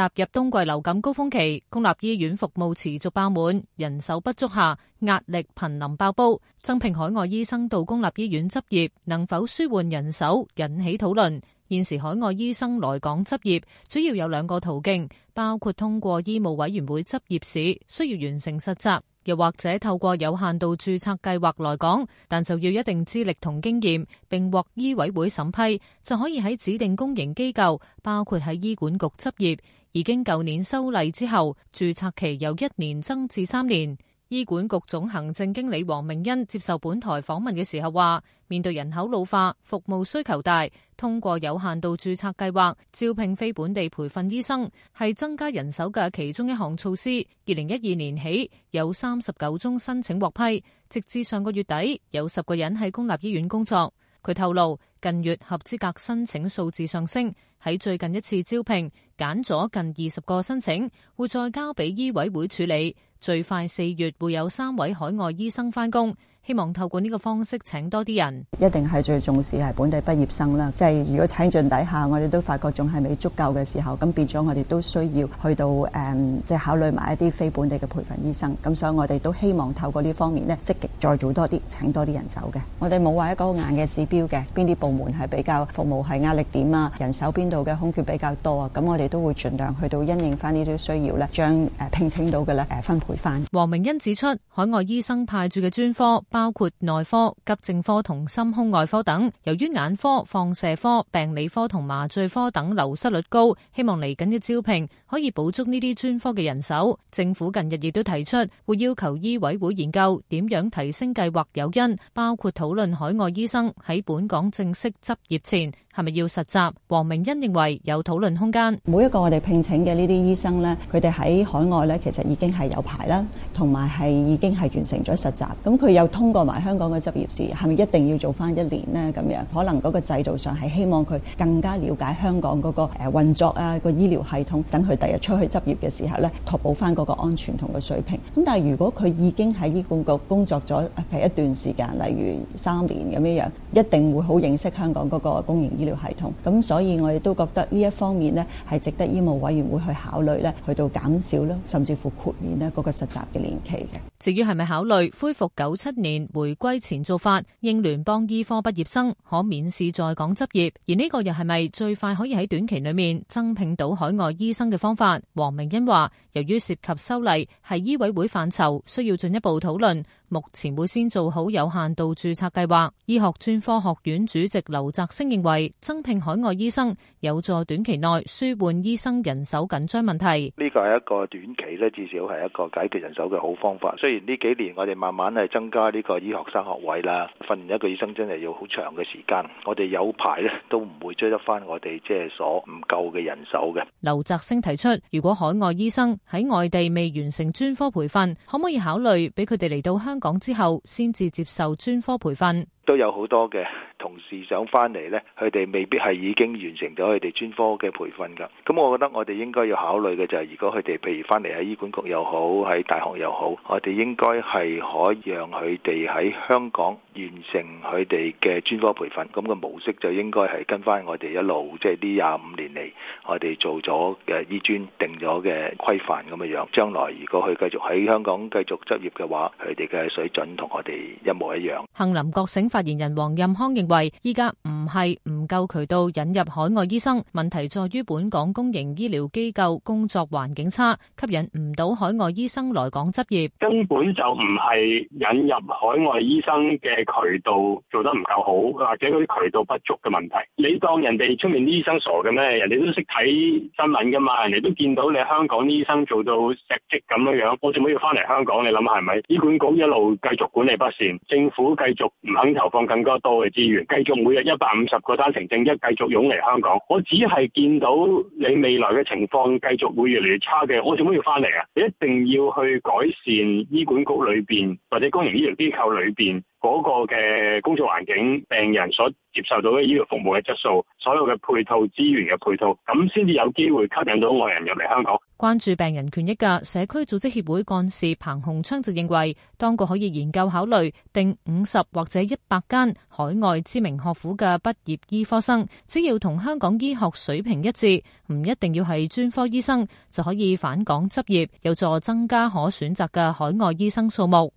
踏入冬季流感高峰期，公立醫院服務持續爆滿，人手不足下壓力瀕臨爆煲。增聘海外醫生到公立醫院執業能否紓緩人手，引起討論。現時海外醫生來港執業主要有兩個途徑，包括通過醫務委員會執業試需要完成實習，又或者透過有限度注冊計劃來港，但就要一定資歷同經驗，並獲醫委會審批就可以喺指定公營機構，包括喺醫管局執業。已經舊年修例之後，註冊期由一年增至三年。醫管局總行政經理黃明欣接受本台訪問嘅時候話，面對人口老化、服務需求大，通過有限度註冊計劃招聘非本地培訓醫生，係增加人手嘅其中一項措施。二零一二年起，有三十九宗申請獲批，直至上個月底，有十個人喺公立醫院工作。佢透露，近月合資格申請數字上升，喺最近一次招聘揀咗近二十個申請，會再交畀醫委會處理，最快四月會有三位海外醫生返工。希望透過呢個方式請多啲人，一定係最重視係本地畢業生啦。即係如果請盡底下，我哋都發覺仲係未足夠嘅時候，咁變咗我哋都需要去到誒，即係考慮埋一啲非本地嘅培訓醫生。咁所以我哋都希望透過呢方面呢，積極再做多啲，請多啲人走嘅。我哋冇話一個硬嘅指標嘅，邊啲部門係比較服務係壓力點啊，人手邊度嘅空缺比較多啊，咁我哋都會盡量去到因應翻呢啲需要咧，將誒聘請到嘅咧誒分配翻。黃明欣指出，海外醫生派駐嘅專科。包括內科、急症科同心胸外科等，由於眼科、放射科、病理科同麻醉科等流失率高，希望嚟緊嘅招聘可以補足呢啲專科嘅人手。政府近日亦都提出，會要求醫委會研究點樣提升計劃誘因，包括討論海外醫生喺本港正式執業前。係咪要實習？黃明欣認為有討論空間。每一個我哋聘請嘅呢啲醫生呢，佢哋喺海外呢，其實已經係有牌啦，同埋係已經係完成咗實習。咁佢又通過埋香港嘅執業試，係咪一定要做翻一年呢？咁樣可能嗰個制度上係希望佢更加了解香港嗰個誒運作啊，個醫療系統，等佢第日出去執業嘅時候呢，確保翻嗰個安全同個水平。咁但係如果佢已經喺醫管局工作咗譬如一段時間，例如三年咁樣樣，一定會好認識香港嗰個公營醫療系統咁，所以我亦都覺得呢一方面呢，係值得醫務委員會去考慮咧，去到減少啦，甚至乎豁免呢嗰個實習嘅年期嘅。至於係咪考慮恢復九七年回歸前做法，英聯邦醫科畢業生可免試在港執業，而呢個又係咪最快可以喺短期裏面增聘到海外醫生嘅方法？黃明欣話，由於涉及修例，係醫委會範疇，需要進一步討論。目前會先做好有限度注冊計劃。醫學專科學院主席劉澤星認為，增聘海外醫生有助短期內紓緩醫生人手緊張問題。呢個係一個短期咧，至少係一個解決人手嘅好方法。雖然呢幾年我哋慢慢係增加呢個醫學生學位啦，訓練一個醫生真係要好長嘅時間。我哋有排咧都唔會追得翻我哋即係所唔夠嘅人手嘅。劉澤星提出，如果海外醫生喺外地未完成專科培訓，可唔可以考慮俾佢哋嚟到香港港之後先至接受專科培訓。都有好多嘅同事想翻嚟咧，佢哋未必係已經完成咗佢哋專科嘅培訓噶。咁我覺得我哋應該要考慮嘅就係，如果佢哋譬如翻嚟喺醫管局又好，喺大學又好，我哋應該係可讓佢哋喺香港完成佢哋嘅專科培訓。咁個模式就應該係跟翻我哋一路，即係呢廿五年嚟我哋做咗嘅醫專定咗嘅規範咁嘅樣。將來如果佢繼續喺香港繼續執業嘅話，佢哋嘅水準同我哋一模一樣。杏林覺醒。發言人黃任康認為，依家唔係唔夠渠道引入海外醫生，問題在於本港公營醫療機構工作環境差，吸引唔到海外醫生來港執業。根本就唔係引入海外醫生嘅渠道做得唔夠好，或者嗰啲渠道不足嘅問題。你當人哋出面醫生傻嘅咩？人哋都識睇新聞噶嘛，人哋都見到你香港醫生做到石級咁樣樣，我做乜要翻嚟香港？你諗下，係咪？醫管局一路繼續管理不善，政府繼續唔肯投放更加多嘅資源，繼續每日一百五十個單程證一繼續湧嚟香港，我只係見到你未來嘅情況繼續會越嚟越差嘅，我做乜要翻嚟啊？你一定要去改善醫管局裏邊或者公營醫療機構裏邊。嗰個嘅工作環境、病人所接受到嘅醫療服務嘅質素、所有嘅配套資源嘅配套，咁先至有機會吸引到外人入嚟香港。關注病人權益嘅社區組織協會幹事彭洪昌就認為，當局可以研究考慮定五十或者一百間海外知名學府嘅畢業醫科生，只要同香港醫學水平一致，唔一定要係專科醫生，就可以返港執業，有助增加可選擇嘅海外醫生數目。